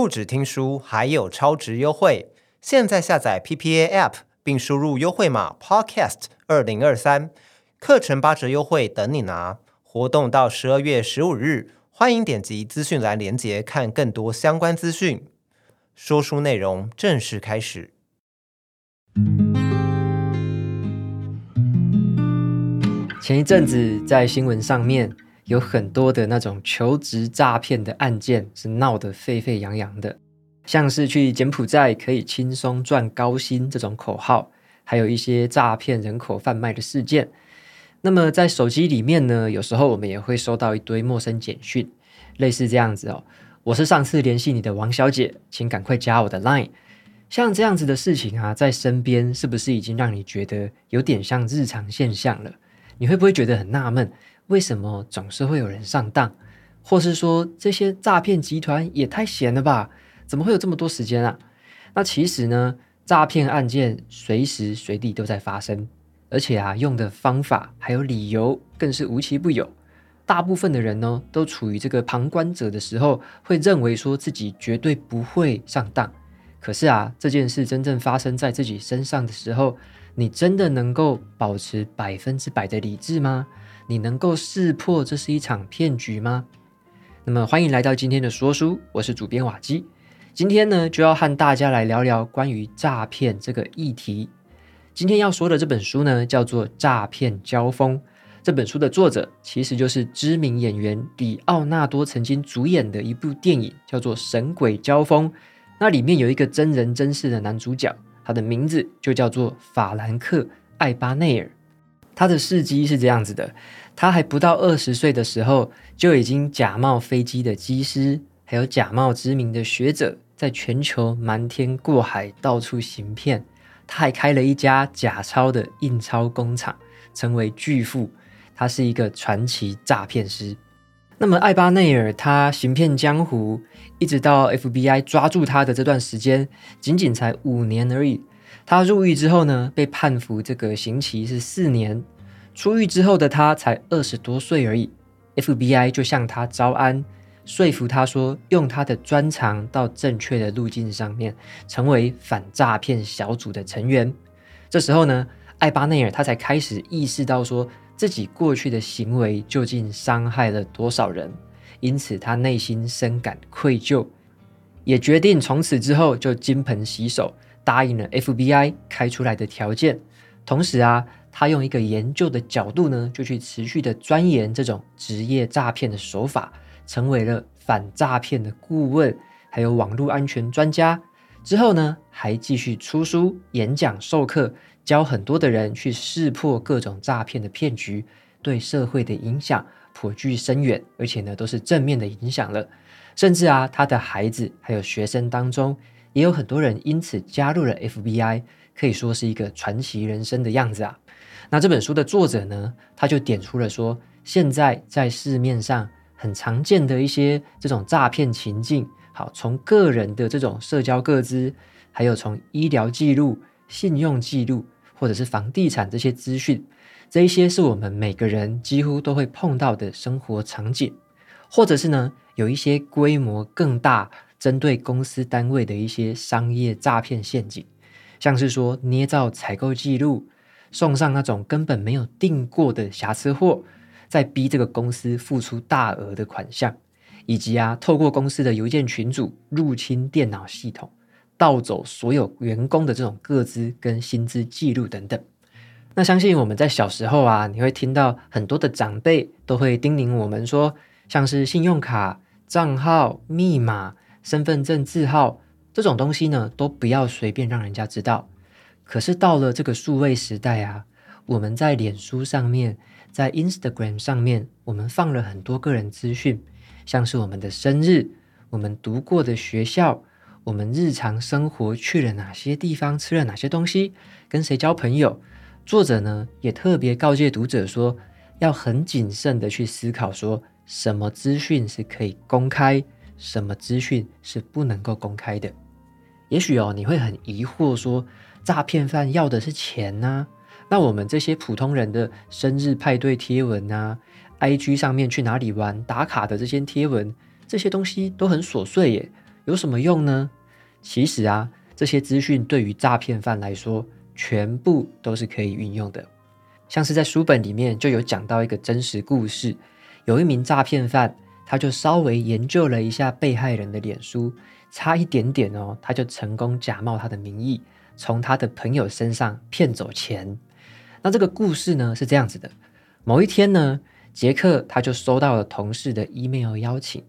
不止聽書，還有超值優惠！現在下載 PPA App，並輸入優惠碼 Podcast 二零二三，課程八折優惠等你拿！活動到十二月十五日，歡迎點擊資訊欄鏈接看更多相關資訊。說書內容正式開始。前一陣子在新聞上面，有很多的那種求職詐騙的案件是鬧得沸沸揚揚的，像是去柬埔寨可以輕鬆賺高薪這種口號，還有一些詐騙人口販賣的事件。那麼在手機裡面呢，有時候我們也會收到一堆陌生簡訊，類似這樣子哦。我是上次聯繫你的王小姐，請趕快加我的 LINE。像這樣子的事情啊，在身邊是不是已經讓你覺得有點像日常現象了？你會不會覺得很納悶？為什麼總是會有人上當？或是說，這些詐騙集團也太閒了吧？怎麼會有這麼多時間啊？那其實呢，詐騙案件隨時隨地都在發生，而且啊，用的方法還有理由更是無奇不有。大部分的人呢，都處於這個旁觀者的時候，會認為說自己絕對不會上當。可是啊，這件事真正發生在自己身上的時候，你真的能夠保持百分之百的理智嗎？你能夠識破這是一場騙局嗎？那麼，歡迎來到今天的說書，我是主編瓦基。今天呢，就要和大家來聊聊關於詐騙這個議題。今天要說的這本書呢，叫做《詐騙交鋒》。這本書的作者其實就是知名演員李奧納多曾經主演的一部電影，叫做《神鬼交鋒》。那裡面有一個真人真事的男主角，他的名字就叫做法蘭克·艾巴內爾。他的事蹟是這樣子的：他還不到二十歲的時候，就已經假冒飛機的機師，還有假冒知名的學者，在全球瞞天過海，到處行騙。他還開了一家假鈔的印鈔工廠，成為巨富。他是一個傳奇詐騙師。那麼，艾巴內爾他行騙江湖，一直到 FBI 抓住他的這段時間，僅僅才五年而已。他入獄之後呢，被判服這個刑期是四年。出獄之後的他才二十多歲而已。FBI 就向他招安，說服他說用他的專長到正確的路徑上面，成為反詐騙小組的成員。這時候呢，艾巴內爾他才開始意識到說自己過去的行為究竟傷害了多少人，因此他內心深感愧疚，也決定從此之後就金盆洗手。答應了 FBI 開出來的條件，同時啊，他用一個研究的角度呢，就去持續的鑽研這種職業詐騙的手法，成為了反詐騙的顧問，還有網絡安全專家。之後呢，還繼續出書、演講、授課，教很多的人去識破各種詐騙的騙局，對社會的影響頗具深遠，而且呢，都是正面的影響了。甚至啊，他的孩子還有學生當中，也有很多人因此加入了 FBI，可以說是一個傳奇人生的樣子啊。那這本書的作者呢，他就點出了說，現在在市面上很常見的一些這種詐騙情境。好，從個人的這種社交個資，還有從醫療記錄、信用記錄，或者是房地產這些資訊，這一些是我們每個人幾乎都會碰到的生活場景，或者是呢，有一些規模更大，針對公司單位的一些商業詐騙陷阱，像是說捏造採購記錄，送上那種根本沒有訂過的瑕疵貨，再逼這個公司付出大額的款項，以及啊，透過公司的郵件群組入侵電腦系統，盜走所有員工的這種個資跟薪資記錄等等。那相信我們在小時候啊，你會聽到很多的長輩都會叮嚀我們說，像是信用卡賬號密碼。身份證字號這種東西呢，都不要隨便讓人家知道。可是到了這個數位時代啊，我們在臉書上面，在 Instagram 上面，我們放了很多個人資訊，像是我們的生日，我們讀過的學校，我們日常生活去了哪些地方，吃了哪些東西，跟誰交朋友。作者呢，也特別告誡讀者說，要很謹慎的去思考說，說什麼資訊是可以公開，什麼資訊是不能夠公開的？也許哦，你會很疑惑說，說詐騙犯要的是錢吶、啊？那我們這些普通人的生日派對貼文啊，IG 上面去哪裡玩打卡的這些貼文，這些東西都很瑣碎耶，有什麼用呢？其實啊，這些資訊對於詐騙犯來說，全部都是可以運用的。像是在書本裡面就有講到一個真實故事，有一名詐騙犯。他就稍微研究了一下被害人的臉書，差一點點哦，他就成功假冒他的名義，從他的朋友身上騙走錢。那這個故事呢是這樣子的：某一天呢，傑克他就收到了同事的 email 邀請，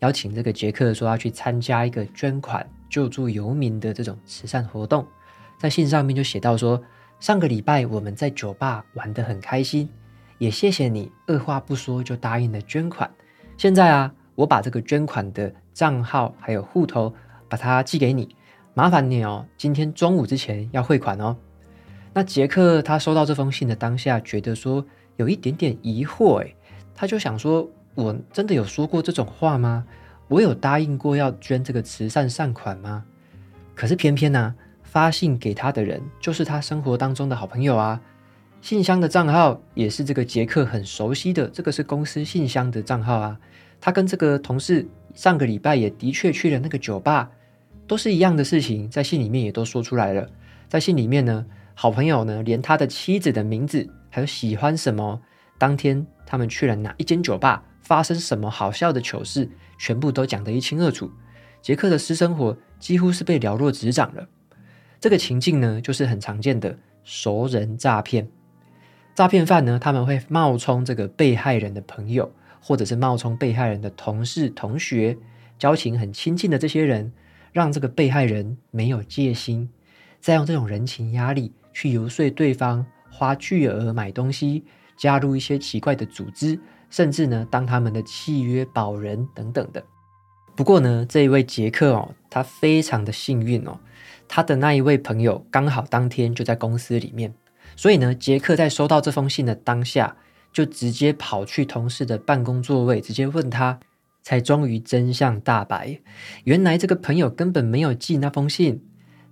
邀請這個傑克說要去參加一個捐款救助遊民的這種慈善活動，在信上面就寫道說，上個禮拜我們在酒吧玩得很開心，也謝謝你，二話不說就答應了捐款。現在啊，我把這個捐款的賬號還有戶頭，把它寄給你，麻煩你哦，今天中午之前要匯款哦。那傑克他收到這封信的當下，覺得說有一點點疑惑哎，他就想說，我真的有說過這種話嗎？我有答應過要捐這個慈善善款嗎？可是偏偏呢、啊，發信給他的人就是他生活當中的好朋友啊。信箱的賬號也是這個傑克很熟悉的，這個是公司信箱的賬號啊。他跟這個同事上個禮拜也的確去了那個酒吧，都是一樣的事情，在信裡面也都說出來了。在信裡面呢，好朋友呢，連他的妻子的名字，還有喜歡什麼，當天他們去了哪一間酒吧，發生什麼好笑的糗事，全部都講得一清二楚。傑克的私生活幾乎是被了若指掌了。這個情境呢，就是很常見的熟人詐騙。詐騙犯呢，他們會冒充這個被害人的朋友，或者是冒充被害人的同事、同學，交情很親近的這些人，讓這個被害人沒有戒心，再用這種人情壓力去遊說對方花巨額買東西，加入一些奇怪的組織，甚至呢，當他們的契約保人等等的。不過呢，這一位傑克哦，他非常的幸運哦，他的那一位朋友剛好當天就在公司裡面。所以呢，傑克在收到這封信的當下，就直接跑去同事的辦公座位，直接問他，才終於真相大白。原來這個朋友根本沒有寄那封信，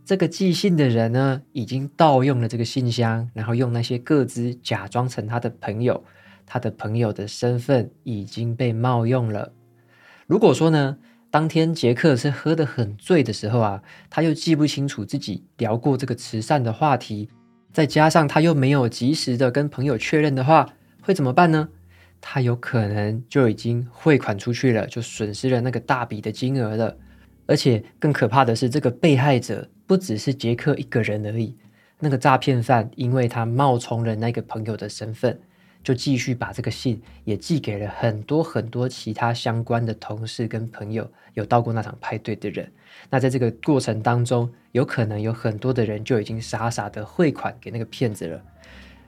這個寄信的人呢，已經盜用了這個信箱，然後用那些個資假裝成他的朋友，他的朋友的身份已經被冒用了。如果說呢，當天傑克是喝得很醉的時候啊，他又記不清楚自己聊過這個慈善的話題。再加上他又沒有及時的跟朋友確認的話，會怎麼辦呢？他有可能就已經匯款出去了，就損失了那個大筆的金額了。而且更可怕的是，這個被害者不只是杰克一個人而已。那個詐騙犯因為他冒充了那個朋友的身份，就繼續把這個信也寄給了很多很多其他相關的同事跟朋友，有到過那場派對的人。那在這個過程當中，有可能有很多的人就已經傻傻的匯款給那個騙子了，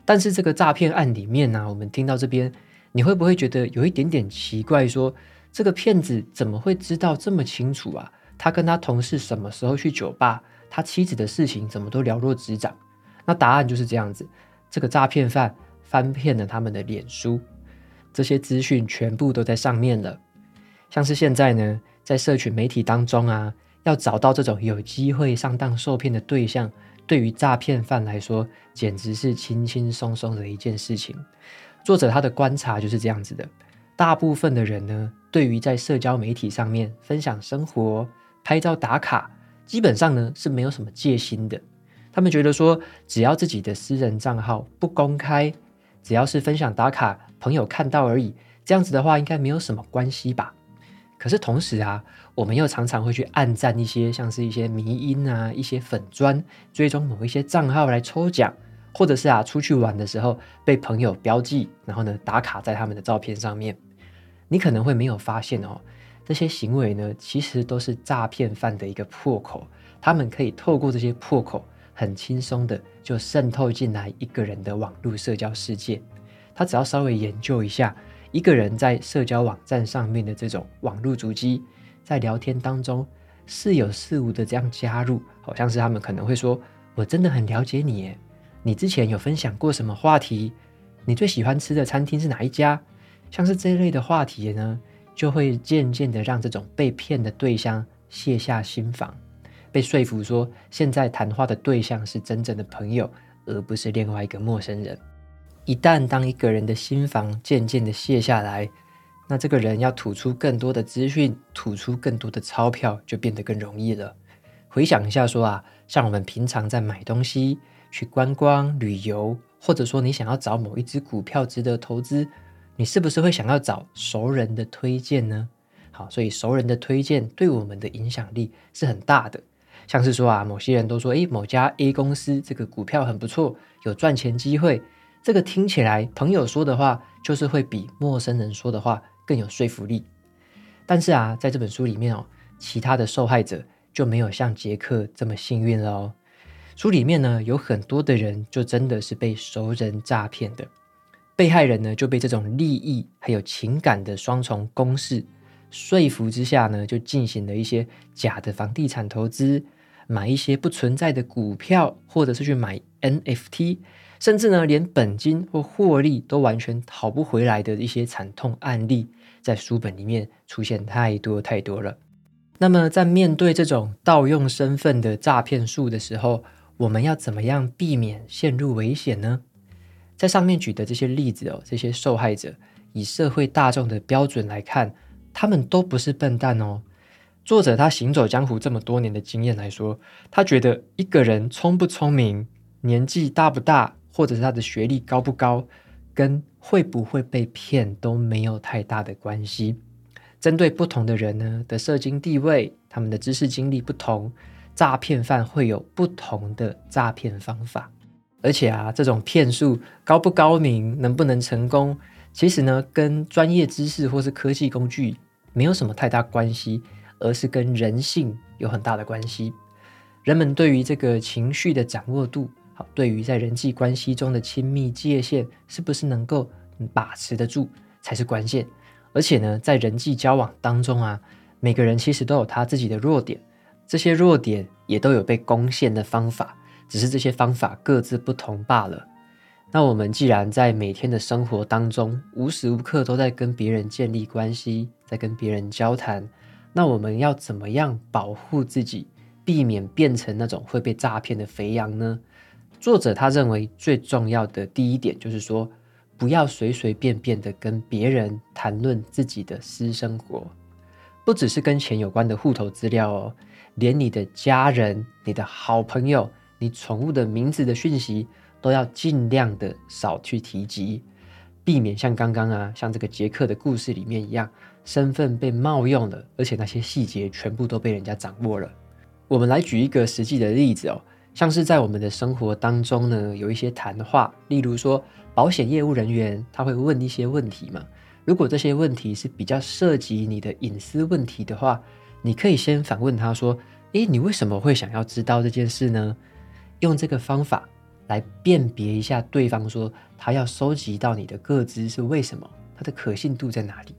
但是這個詐騙案裡面呢、啊，我們聽到這邊，你會不會覺得有一點點奇怪？說這個騙子怎麼會知道這麼清楚啊？他跟他同事什麼時候去酒吧，他妻子的事情怎麼都了若指掌？那答案就是這樣子，這個詐騙犯翻遍了他們的臉書，這些資訊全部都在上面了，像是現在呢，在社群媒體當中啊。要找到這種有機會上當受騙的對象，對於詐騙犯來說，簡直是輕輕鬆鬆的一件事情。作者他的觀察就是這樣子的，大部分的人呢，對於在社交媒體上面分享生活、拍照打卡，基本上呢是沒有什麼戒心的。他們覺得說，只要自己的私人賬號不公開，只要是分享打卡，朋友看到而已，這樣子的話應該沒有什麼關係吧？可是同時啊，我們又常常會去按讚一些像是一些迷因啊，一些粉專，追蹤某一些賬號來抽獎，或者是啊出去玩的時候被朋友標記，然後呢打卡在他們的照片上面。你可能會沒有發現哦，這些行為呢其實都是詐騙犯的一個破口，他們可以透過這些破口很輕鬆的就滲透進來一個人的網絡社交世界。他只要稍微研究一下一個人在社交網站上面的這種網絡足迹。在聊天當中，似有似無的這樣加入，好像是他們可能會說：“我真的很了解你，你之前有分享過什麼話題？你最喜歡吃的餐廳是哪一家？”像是這類的話題呢，就會漸漸的讓這種被騙的對象卸下心防，被說服說現在談話的對象是真正的朋友，而不是另外一個陌生人。一旦當一個人的心防漸漸的卸下來，那這個人要吐出更多的資訊，吐出更多的鈔票，就變得更容易了。回想一下，說啊，像我們平常在買東西、去觀光旅遊，或者說你想要找某一支股票值得投資，你是不是會想要找熟人的推薦呢？好，所以熟人的推薦對我們的影響力是很大的。像是說啊，某些人都說，誒，某家 A 公司這個股票很不錯，有賺錢機會。這個聽起來，朋友說的話就是會比陌生人說的話更有說服力。但是啊，在這本書裡面哦，其他的受害者就沒有像傑克這麼幸運了哦。書裡面呢，有很多的人就真的是被熟人詐騙的，被害人呢就被這種利益還有情感的雙重攻勢說服之下呢，就進行了一些假的房地產投資。買一些不存在的股票，或者是去買 NFT，甚至呢，連本金或獲利都完全討不回來的一些慘痛案例，在書本裡面出現太多太多了。那麼，在面對這種盜用身份的詐騙術的時候，我們要怎麼樣避免陷入危險呢？在上面舉的這些例子哦，這些受害者以社會大眾的標準來看，他們都不是笨蛋哦。作者他行走江湖這麼多年的經驗來說，他覺得一個人聰不聰明、年紀大不大，或者是他的學歷高不高，跟會不會被騙都沒有太大的關係。針對不同的人呢的社經地位、他們的知識經歷不同，詐騙犯會有不同的詐騙方法。而且啊，這種騙術高不高明、能不能成功，其實呢跟專業知識或是科技工具沒有什麼太大關係。而是跟人性有很大的關係，人們對於這個情緒的掌握度，好，對於在人際關係中的親密界限，是不是能夠把持得住，才是關鍵。而且呢，在人際交往當中啊，每個人其實都有他自己的弱點，這些弱點也都有被攻陷的方法，只是這些方法各自不同罷了。那我們既然在每天的生活當中，無時無刻都在跟別人建立關係，在跟別人交談。那我們要怎麼樣保護自己，避免變成那種會被詐騙的肥羊呢？作者他認為最重要的第一點就是說，不要隨隨便便的跟別人談論自己的私生活，不只是跟錢有關的戶頭資料哦，連你的家人、你的好朋友、你寵物的名字的訊息，都要盡量的少去提及，避免像剛剛啊，像這個傑克的故事裡面一樣。身份被冒用了，而且那些細節全部都被人家掌握了。我們來舉一個實際的例子哦，像是在我們的生活當中呢，有一些談話，例如說保險業務人員他會問一些問題嘛。如果這些問題是比較涉及你的隱私問題的話，你可以先反問他說：“誒，你為什麼會想要知道這件事呢？”用這個方法來辨別一下對方說他要收集到你的個資是為什麼，他的可信度在哪裡。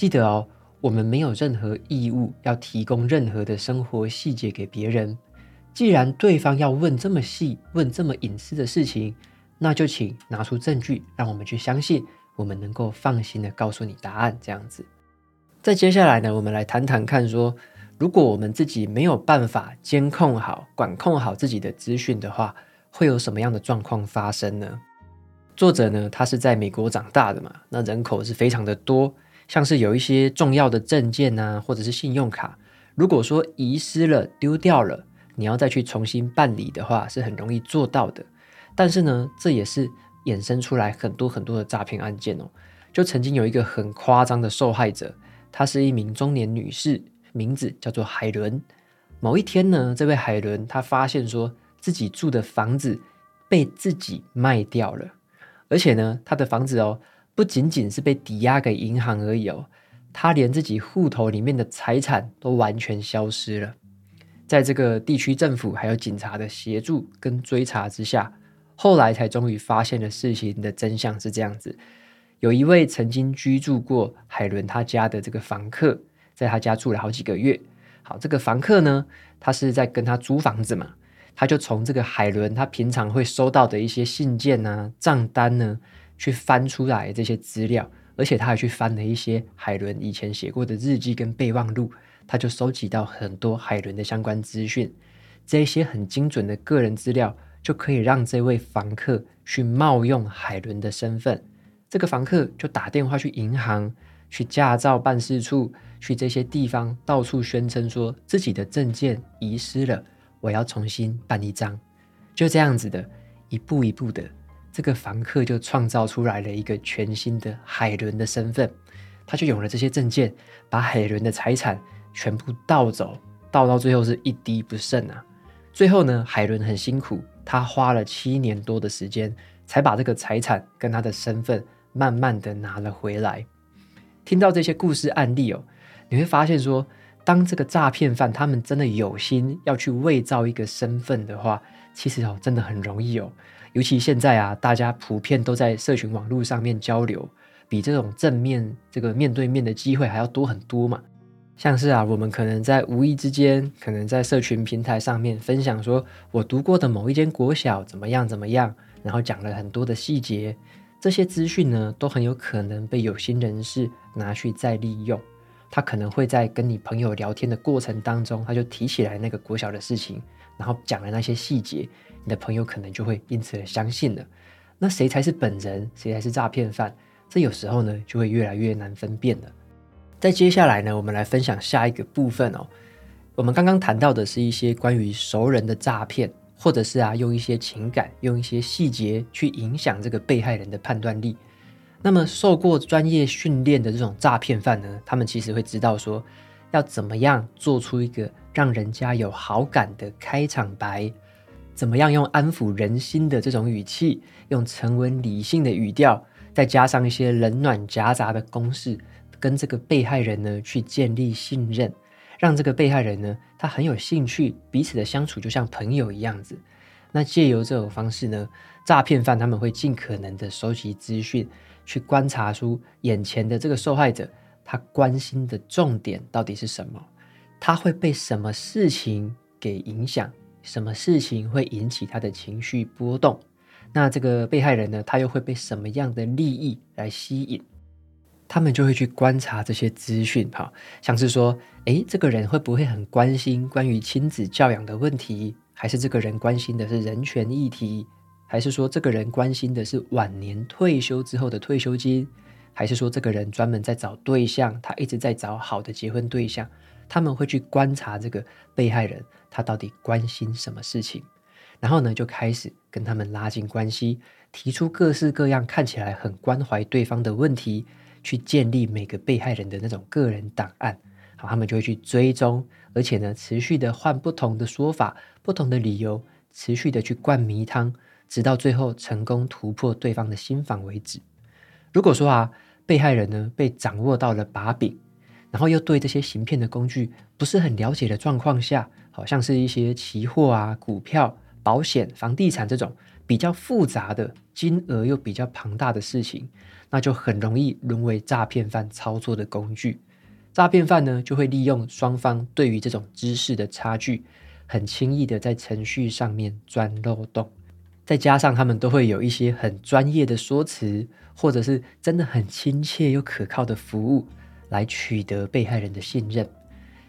記得哦，我們沒有任何義務要提供任何的生活細節給別人。既然對方要問這麼細、問這麼隱私的事情，那就請拿出證據，讓我們去相信，我們能夠放心地告訴你答案。這樣子，在接下來呢，我們來談談看說，如果我們自己沒有辦法監控好、管控好自己的資訊的話，會有什麼樣的狀況發生呢？作者呢，他是在美國長大的嘛，那人口是非常的多。像是有一些重要的證件呐、啊，或者是信用卡，如果說遺失了、丟掉了，你要再去重新辦理的話，是很容易做到的。但是呢，這也是衍生出來很多很多的詐騙案件哦。就曾經有一個很誇張的受害者，她是一名中年女士，名字叫做海倫。某一天呢，這位海倫她發現說自己住的房子被自己賣掉了，而且呢，她的房子哦。不僅僅是被抵押給銀行而已哦，他連自己戶頭裡面的財產都完全消失了。在這個地區政府還有警察的協助跟追查之下，後來才終於發現了事情的真相是這樣子。有一位曾經居住過海倫他家的這個房客，在他家住了好幾個月。好，這個房客呢，他是在跟他租房子嘛，他就從這個海倫他平常會收到的一些信件啊、賬單呢。去翻出來這些資料，而且他還去翻了一些海倫以前寫過的日記跟備忘錄，他就收集到很多海倫的相關資訊。這些很精準的個人資料，就可以讓這位房客去冒用海倫的身份。這個房客就打電話去銀行、去駕照辦事處、去這些地方，到處宣稱說自己的證件遺失了，我要重新辦一張。就這樣子的，一步一步的。這個房客就創造出來了一個全新的海倫的身份，他就有了這些證件，把海倫的財產全部盜走，盜到最後是一滴不剩啊！最後呢，海倫很辛苦，他花了七年多的時間，才把這個財產跟他的身份慢慢的拿了回來。聽到這些故事案例哦，你會發現說，當這個詐騙犯他們真的有心要去偽造一個身份的話，其實哦，真的很容易哦。尤其現在啊，大家普遍都在社群網絡上面交流，比這種正面這個面對面的機會還要多很多嘛。像是啊，我們可能在無意之間，可能在社群平台上面分享說，說我讀過的某一間國小怎麼樣怎麼樣，然後講了很多的細節，這些資訊呢，都很有可能被有心人士拿去再利用。他可能會在跟你朋友聊天的過程當中，他就提起來那個國小的事情，然後講了那些細節。你的朋友可能就會因此而相信了。那誰才是本人，誰才是詐騙犯？這有時候呢，就會越來越難分辨了。在接下來呢，我們來分享下一個部分哦。我們剛剛談到的是一些關於熟人的詐騙，或者是啊，用一些情感、用一些細節去影響這個被害人的判斷力。那麼受過專業訓練的這種詐騙犯呢，他們其實會知道說要怎麼樣做出一個讓人家有好感的開場白。怎麼樣用安撫人心的這種語氣，用沉穩理性的語調，再加上一些冷暖夾雜的攻勢，跟這個被害人呢去建立信任，讓這個被害人呢他很有興趣，彼此的相處就像朋友一樣子。那借由這種方式呢，詐騙犯他們會儘可能的收集資訊，去觀察出眼前的這個受害者他關心的重點到底是什麼，他會被什麼事情給影響。什麼事情會引起他的情緒波動？那這個被害人呢，他又會被什麼樣的利益來吸引？他們就會去觀察這些資訊，哈，像是說，誒，這個人會不會很關心關於親子教養的問題？還是這個人關心的是人權議題？還是說這個人關心的是晚年退休之後的退休金？還是說這個人專門在找對象？他一直在找好的結婚對象。他們會去觀察這個被害人，他到底關心什麼事情，然後呢，就開始跟他們拉近關係，提出各式各樣看起來很關懷對方的問題，去建立每個被害人的那種個人檔案。好，他們就會去追蹤，而且呢，持續的換不同的說法、不同的理由，持續的去灌迷湯，直到最後成功突破對方的心防為止。如果說啊，被害人呢，被掌握到了把柄。然後又對這些行騙的工具不是很了解的狀況下，好像是一些期貨啊、股票、保險、房地產這種比較複雜的、金額又比較龐大的事情，那就很容易淪為詐騙犯操作的工具。詐騙犯呢，就會利用雙方對於這種知識的差距，很輕易的在程序上面鑽漏洞，再加上他們都會有一些很專業的說辭，或者是真的很親切又可靠的服務。來取得被害人的信任，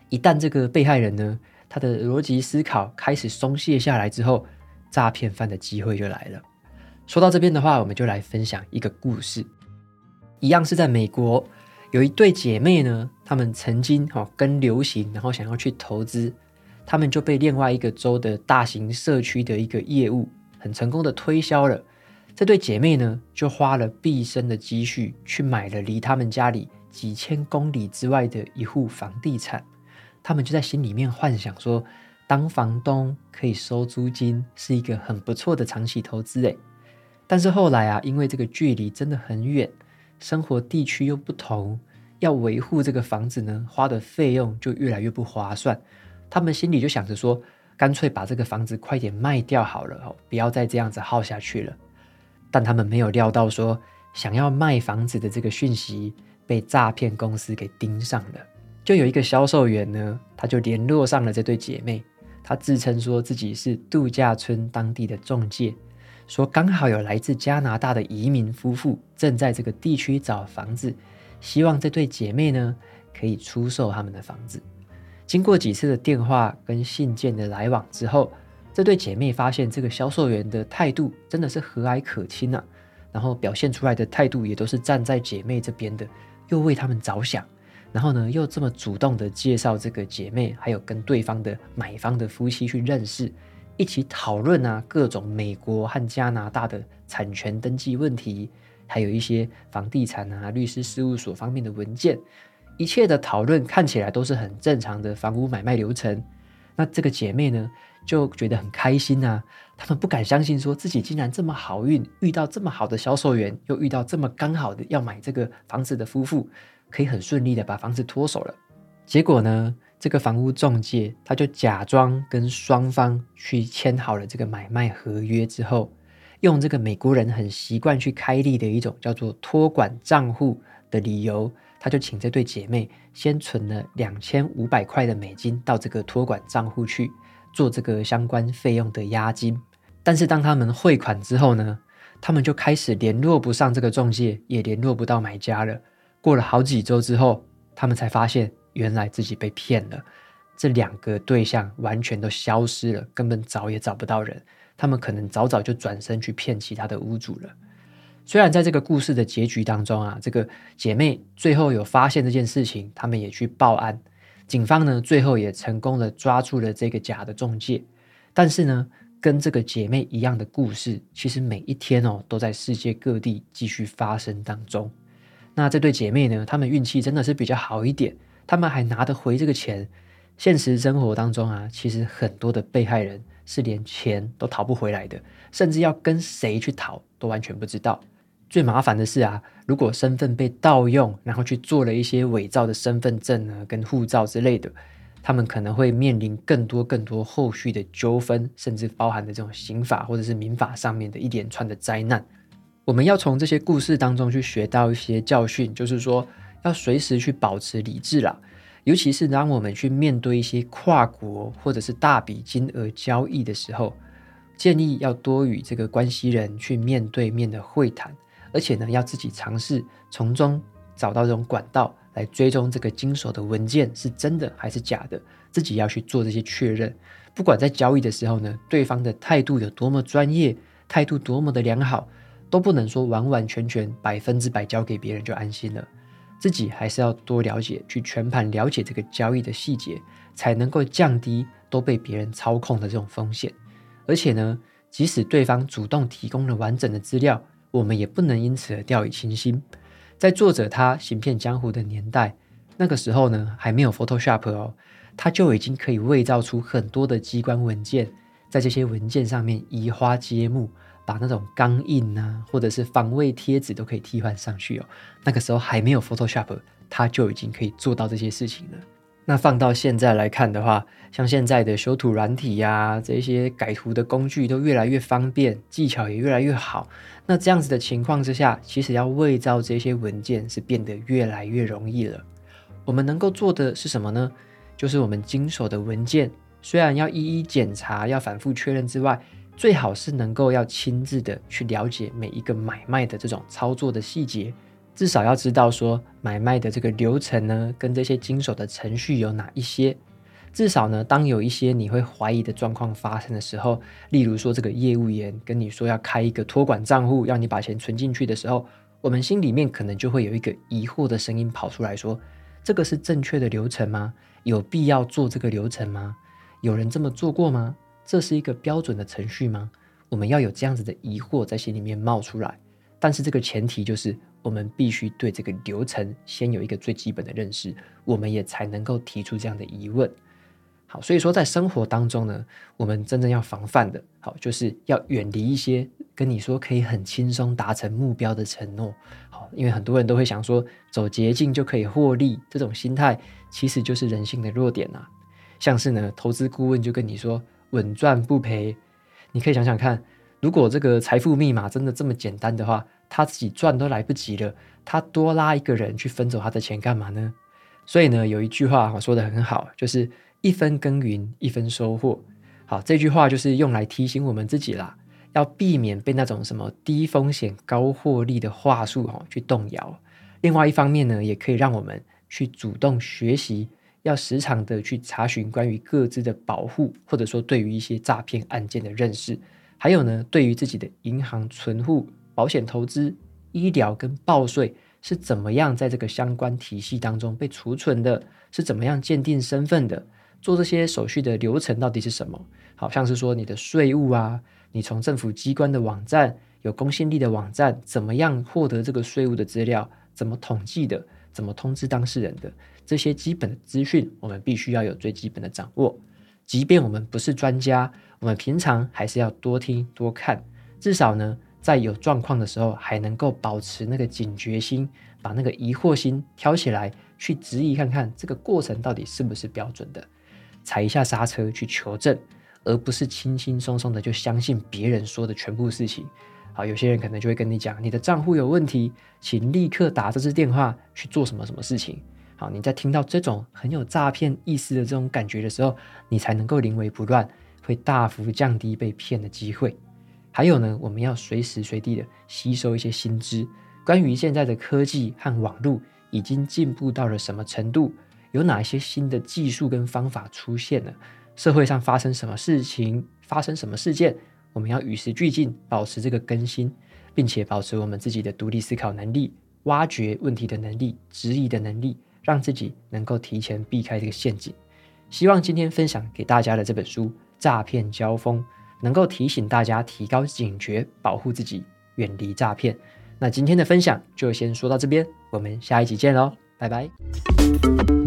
一旦這個被害人呢，他的邏輯思考開始鬆懈下來之後，詐騙犯的機會就來了。說到這邊的話，我們就來分享一個故事，一樣是在美國，有一對姐妹呢，他們曾經哈、哦、跟流行，然後想要去投資，他們就被另外一個州的大型社區的一個業務很成功的推銷了。這對姐妹呢，就花了畢生的積蓄去買了離他們家里。幾千公里之外的一戶房地產，他們就在心裡面幻想說，當房東可以收租金是一個很不錯的長期投資誒。但是後來啊，因為這個距離真的很遠，生活地區又不同，要維護這個房子呢，花的費用就越來越不划算。他們心裡就想着說乾脆把這個房子快點賣掉好了，不要再這樣子耗下去了。但他們沒有料到說，想要賣房子的這個訊息被詐騙公司給盯上了，就有一個銷售員呢，他就聯絡上了這對姐妹。他自稱說自己是度假村當地的仲介，說剛好有來自加拿大的移民夫婦正在這個地區找房子，希望這對姐妹呢可以出售他們的房子。經過幾次的電話跟信件的來往之後，這對姐妹發現這個銷售員的態度真的是和藹可親啊，然後表現出來的態度也都是站在姐妹這邊的。又為他們着想，然後呢，又這麼主動的介紹這個姐妹，還有跟對方的買方的夫妻去認識，一起討論啊各種美國和加拿大的產權登記問題，還有一些房地產啊律師事務所方面的文件，一切的討論看起來都是很正常的房屋買賣流程。那這個姐妹呢，就覺得很開心吶，啊，他們不敢相信說自己竟然這麼好運，遇到這麼好的銷售員，又遇到這麼剛好的要買這個房子的夫婦，可以很順利的把房子脫手了。結果呢，這個房屋中介他就假裝跟雙方去簽好了這個買賣合約之後，用這個美國人很習慣去開立的一種叫做託管賬戶的理由。他就請這對姐妹先存了兩千五百塊的美金到這個托管賬戶去做這個相關費用的押金。但是當他們匯款之後呢，他們就開始聯絡不上這個中介，也聯絡不到買家了。過了好幾週之後，他們才發現原來自己被騙了。這兩個對象完全都消失了，根本找也找不到人。他們可能早早就轉身去騙其他的屋主了。雖然在這個故事的結局當中啊，這個姐妹最後有發現這件事情，她們也去報案，警方呢最後也成功的抓住了這個假的中介，但是呢，跟這個姐妹一樣的故事，其實每一天哦都在世界各地繼續發生當中。那這對姐妹呢，她們運氣真的是比較好一點，她們還拿得回這個錢。現實生活當中啊，其實很多的被害人。是連錢都討不回來的，甚至要跟誰去討都完全不知道。最麻煩的是啊，如果身份被盜用，然後去做了一些偽造的身份證啊、跟護照之類的，他們可能會面臨更多更多後續的糾紛，甚至包含的這種刑法或者是民法上面的一連串的災難。我們要從這些故事當中去學到一些教訓，就是說要隨時去保持理智啦。尤其是當我們去面對一些跨國或者是大筆金額交易的時候，建議要多與這個關係人去面對面的會談，而且呢，要自己嘗試從中找到這種管道，來追蹤這個經手的文件是真的還是假的，自己要去做這些確認。不管在交易的時候呢，對方的態度有多麼專業，態度多麼的良好，都不能說完完全全百分之百交給別人就安心了。自己還是要多了解，去全盤了解這個交易的細節，才能夠降低都被別人操控的這種風險。而且呢，即使對方主動提供了完整的資料，我們也不能因此而掉以輕心。在作者他行騙江湖的年代，那個時候呢，還沒有 Photoshop 哦，他就已經可以偽造出很多的機關文件，在這些文件上面移花接木。把那種鋼印啊，或者是防偽貼紙都可以替換上去哦。那個時候還沒有 Photoshop，它就已經可以做到這些事情了。那放到現在來看的話，像現在的修圖軟體呀，這些改圖的工具都越來越方便，技巧也越來越好。那這樣子的情況之下，其實要偽造這些文件是變得越來越容易了。我們能夠做的是什麼呢？就是我們經手的文件，雖然要一一檢查，要反覆確認之外。最好是能夠要親自的去了解每一個買賣的這種操作的細節，至少要知道說買賣的這個流程呢，跟這些經手的程序有哪一些。至少呢，當有一些你會懷疑的狀況發生的時候，例如說這個業務員跟你說要開一個托管賬戶，讓你把錢存進去的時候，我們心裡面可能就會有一個疑惑的聲音跑出來說：“這個是正確的流程嗎？有必要做這個流程嗎？有人這麼做過嗎？”這是一個標準的程序嗎？我們要有這樣子的疑惑在心裡面冒出來。但是這個前提就是我們必須對這個流程先有一個最基本的認識，我們也才能夠提出這樣的疑問。好，所以說在生活當中呢，我們真正要防範的，好就是要遠離一些跟你說可以很輕鬆達成目標的承諾。好，因為很多人都會想說走捷徑就可以獲利，這種心態其實就是人性的弱點啊。像是呢，投資顧問就跟你說，穩賺不賠，你可以想想看，如果這個財富密碼真的這麼簡單的話，他自己賺都來不及了，他多拉一個人去分走他的錢幹嘛呢？所以呢，有一句話我說得很好，就是一分耕耘一分收穫。好，這句話就是用來提醒我們自己啦，要避免被那種什麼低風險高獲利的話術去動搖。另外一方面呢，也可以讓我們去主動學習。要時常的去查詢關於個資的保護，或者說對於一些詐騙案件的認識，還有呢，對於自己的銀行、存戶、保險、投資、醫療跟報稅是怎麼樣在這個相關體系當中被儲存的，是怎麼樣鑑定身份的，做這些手續的流程到底是什麼？好像是說你的稅務啊，你從政府機關的網站，有公信力的網站，怎麼樣獲得這個稅務的資料？怎麼統計的？怎麼通知當事人的？這些基本的資訊，我們必須要有最基本的掌握。即便我們不是專家，我們平常還是要多聽多看，至少呢，在有狀況的時候，還能夠保持那個警覺心，把那個疑惑心挑起來，去質疑看看這個過程到底是不是標準的，踩一下剎車去求證，而不是輕輕鬆鬆的就相信別人說的全部事情。好，有些人可能就會跟你講，你的賬戶有問題，請立刻打這支電話去做什麼什麼事情。好，你在聽到這種很有詐騙意思的這種感覺的時候，你才能夠臨危不亂，會大幅降低被騙的機會。還有呢，我們要隨時隨地的吸收一些新知，關於現在的科技和網絡已經進步到了什麼程度，有哪一些新的技術跟方法出現了，社會上發生什麼事情，發生什麼事件，我們要與時俱進，保持這個更新，並且保持我們自己的獨立思考能力、挖掘問題的能力、質疑的能力。讓自己能夠提前避開這個陷阱。希望今天分享給大家的這本書《詐騙交鋒》能夠提醒大家提高警覺，保護自己，遠離詐騙。那今天的分享就先說到這邊，我們下一集見嘍，拜拜。